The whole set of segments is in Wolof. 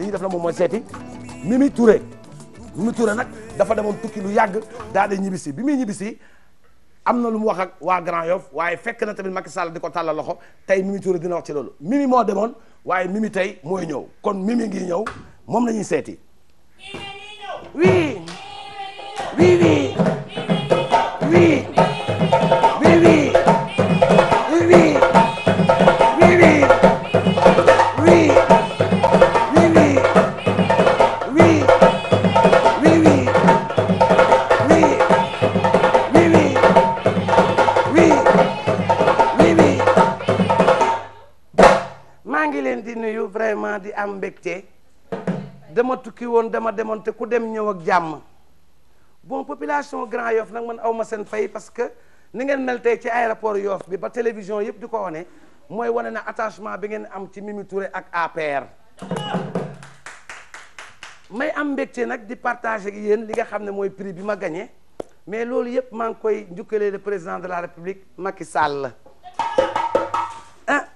li ñu def na moom mooy seeti Mimi Touré Mimi ture nag dafa demoon tukki lu yàgg daal di ñibbisi bi muy ñibbisi am na lu mu wax ak waa Grand Yoff waaye fekk na tamit Macky Sall di ko tàllal loxo tey Mimi Touré dina wax ci loolu Mimi moo demoon waaye Mimi tey mooy ñëw kon Mimi ngi ñëw moom la seeti oui oui oui Di ambekte Demo tou ki won, demo demon te kou demyo wak djam Bon popilasyon Gran yof nan men aou masen faye Paske nengen melte ki ay rapor yof Bi ba televizyon yop di konen Mwen wane na atajman bigen amti Mimitoure ak aper Mwen ambekte Nek di pataj yon Liga khamne mwen pribi ma ganyen Men loul yop man kwe Ndi kwe le prezant de la republik Maki sal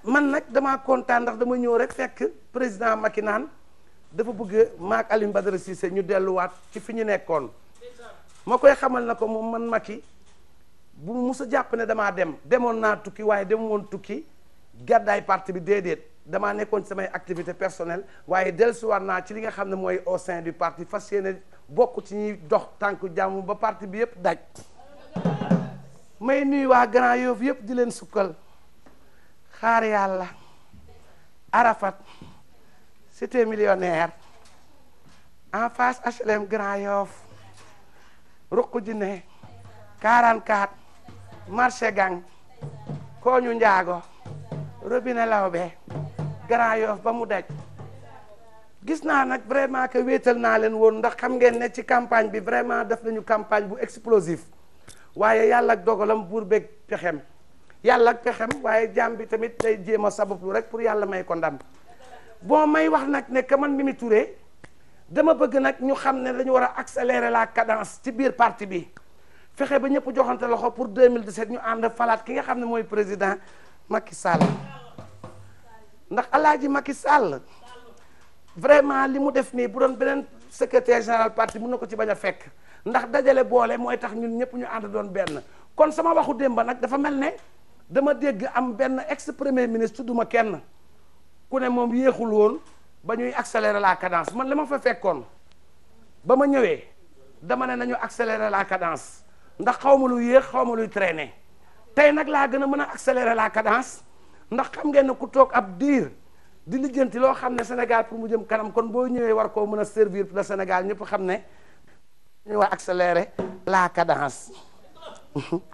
man nag damaa kontaan ndax dama ñëw rek fekk président Macky naan dafa bëgg maak Alioune Badara Cissé ñu delluwaat ci fi ñu nekkoon ma koy xamal na ko moom man Macky bu mus a jàpp ne damaa dem demoon naa tukki waaye dem woon tukki gàddaay parti bi déedéet damaa nekkoon samay activité personnelle waaye dellusiwaat naa ci li nga xam ne mooy au sein du parti fas yéene bokk ci ñuy dox tànk jàmm ba parti bi yëpp daj may nuyu waa Grand Yoff yëpp di leen sukkal xaar yàlla arafat cité millionnaire en face HLM Grand Yoff ruq jine 44 marché gang kooñu njaago robinet lawbe Grand Yoff ba mu daj gis naa nag vraiment que wéetal naa leen woon ndax xam ngeen ne ci campagne bi vraiment def nañu campagne bu explosive waaye yàlla ak dogalam buur pexem yàlla ak pexem waaye jaam bi tamit day jéem a sabablu rek pour yàlla may ko ndam boo may wax nag ne que man Mimi Touré dama bëgg nag ñu xam ne dañu war a accélérer la cadence ci biir parti bi fexe ba ñëpp joxante loxo pour mille 2017 ñu ànd falaat ki nga xam ne mooy président Macky Sall ndax alaaji Macky Sall vraiment li mu def nii bu doon beneen secrétaire général parti mun na ko ci bañ a fekk ndax dajale boole mooy tax ñun ñëpp ñu ànd doon benn kon sama waxu démb nag dafa mel ne dama dégg am benn ex ministre tudduma kenn ku ne moom yéexul woon ba ñuy accélérer la cadence man li ma fa fekkoon ba ma ñëwee dama ne nañu accélérer la cadence ndax xaw ma lu yéex xaw ma luy traîner tey nag laa gën a mën a accélérer la cadence ndax xam ngeen ne ku toog ab diir di lijjanti loo xam ne Sénégal pour mu jëm kanam kon boo ñëwee war koo mën a servir le Sénégal ñëpp xam ne ñu war accélérer la cadence.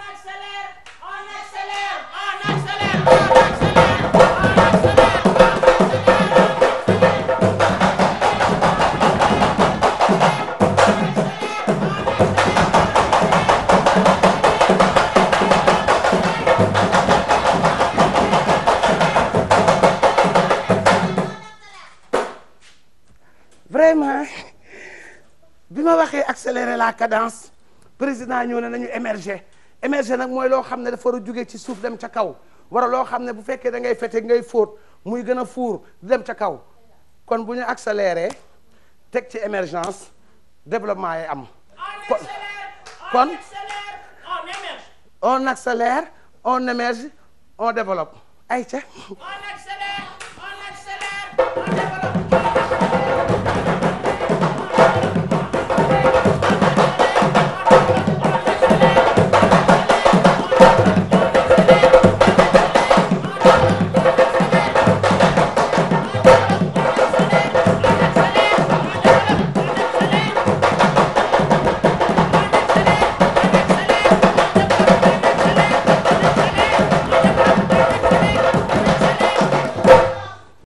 bi waxé accélérer la cadence président ñu né nañu émerger émerger nak moy lo xamné ne dafa war a ci souf dem ca kaw wara lo xamné ne bu féké da ngay fété ngay fóot muy gëna four dem ca kaw kon bu ñu accéléré ci émergence développement ay am kon on accélère on émerge on développe ay ca